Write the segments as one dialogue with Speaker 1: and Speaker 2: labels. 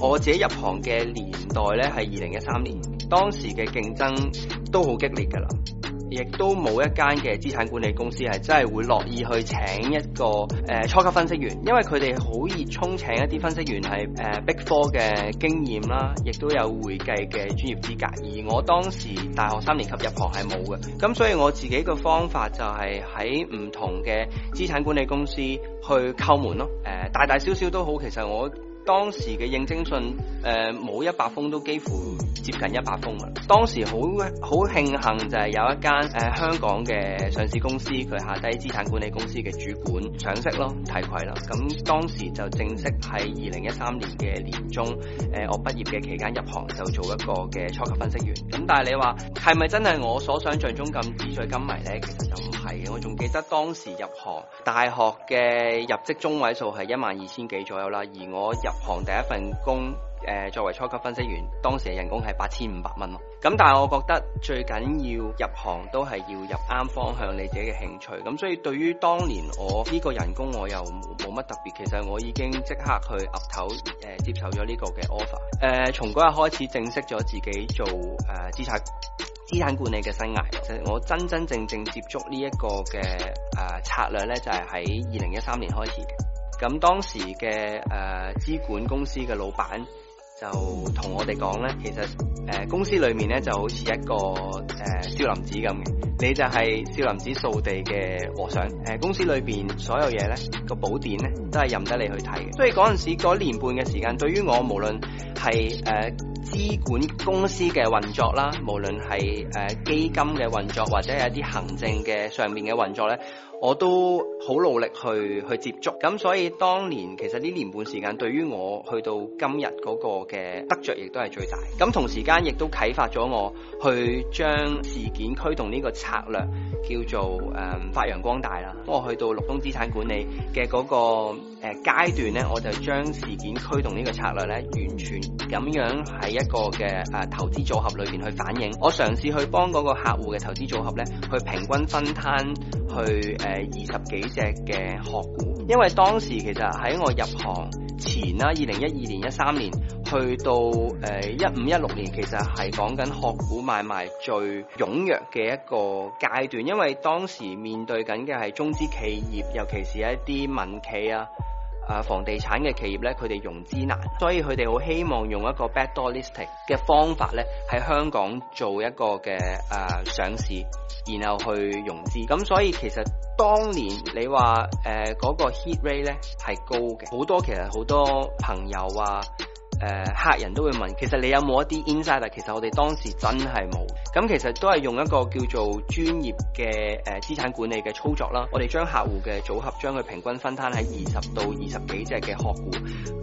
Speaker 1: 我自己入行嘅年代呢，係二零一三年，當時嘅競爭都好激烈噶啦，亦都冇一間嘅資產管理公司係真係會樂意去請一個誒、呃、初級分析員，因為佢哋好熱衷請一啲分析員係誒 Big Four 嘅經驗啦，亦都有會計嘅專業資格，而我當時大學三年級入行係冇嘅，咁所以我自己嘅方法就係喺唔同嘅資產管理公司。去叩門咯，誒、呃、大大小小都好，其實我當時嘅應徵信誒冇、呃、一百封都幾乎接近一百封啊！當時好好慶幸就係有一間誒、呃、香港嘅上市公司，佢下低資產管理公司嘅主管賞識咯，提攜啦。咁、嗯、當時就正式喺二零一三年嘅年中，誒、呃、我畢業嘅期間入行就做一個嘅初級分析員。咁、嗯、但係你話係咪真係我所想像中咁紙醉金迷呢？其實就唔係嘅。我仲記得當時入行大學嘅。入職中位數係一萬二千幾左右啦，而我入行第一份工，作為初級分析員，當時嘅人工係八千五百蚊咯。咁但係我覺得最緊要入行都係要入啱方向，你自己嘅興趣。咁所以對於當年我呢個人工，我又冇乜特別。其實我已經即刻去岌頭接受咗呢個嘅 offer。誒、呃，從嗰日開始正式咗自己做誒資、呃、產。資產管理嘅生涯，就我真真正正接觸呢一個嘅誒、呃、策略呢，就係喺二零一三年開始嘅。咁當時嘅誒資管公司嘅老闆就同我哋講呢，其實誒、呃、公司裏面呢就好似一個誒呃、少林寺咁嘅，你就係少林寺掃地嘅和尚。誒、呃、公司裏邊所有嘢呢，個寶典呢，都係任得你去睇嘅。所以嗰陣時嗰年半嘅時間，對於我無論係誒。呃資管公司嘅運作啦，無論係誒基金嘅運作，或者係一啲行政嘅上面嘅運作咧。我都好努力去去接觸，咁所以當年其實呢年半時間對於我去到今日嗰個嘅得着亦都係最大。咁同時間亦都啟發咗我去將事件驅動呢個策略叫做誒、嗯、發揚光大啦。我去到陸東資產管理嘅嗰個階段咧，我就將事件驅動呢個策略咧，完全咁樣喺一個嘅誒、啊、投資組合裏邊去反映。我嘗試去幫嗰個客戶嘅投資組合咧，去平均分攤。去誒、呃、二十幾隻嘅殼股，因為當時其實喺我入行前啦，二零一二年、一三年，去到誒一五一六年，其實係講緊殼股買賣最踴躍嘅一個階段，因為當時面對緊嘅係中資企業，尤其是一啲民企啊。啊，房地產嘅企業咧，佢哋融資難，所以佢哋好希望用一個 backdoor listing 嘅方法咧，喺香港做一個嘅啊、呃、上市，然後去融資。咁所以其實當年你話誒嗰個 hit rate 咧係高嘅，好多其實好多朋友啊誒、呃、客人都會問，其實你有冇一啲 insight？其實我哋當時真係冇。咁其實都係用一個叫做專業嘅誒資產管理嘅操作啦，我哋將客戶嘅組合，將佢平均分攤喺二十到二十幾隻嘅學股，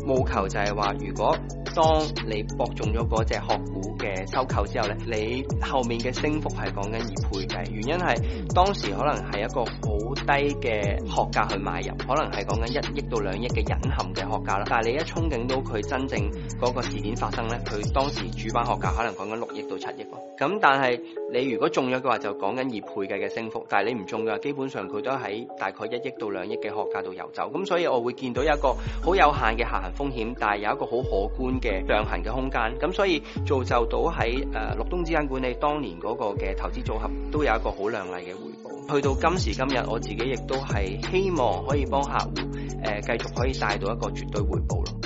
Speaker 1: 務求就係話如果。當你博中咗嗰隻學股嘅收購之後呢，你後面嘅升幅係講緊二倍計。原因係當時可能係一個好低嘅學價去買入，可能係講緊一億到兩億嘅隱含嘅學價啦。但係你一憧憬到佢真正嗰個事件發生呢，佢當時主板學價可能講緊六億到七億。咁但係你如果中咗嘅話，就講緊二倍計嘅升幅；但係你唔中嘅話，基本上佢都喺大概一億到兩億嘅學價度遊走。咁所以，我會見到有一個好有限嘅下行風險，但係有一個好可觀嘅量行嘅空間咁，所以造就到喺誒陸東資產管理當年嗰個嘅投資組合，都有一個好靚麗嘅回報。去到今時今日，我自己亦都係希望可以幫客戶誒繼續可以帶到一個絕對回報咯。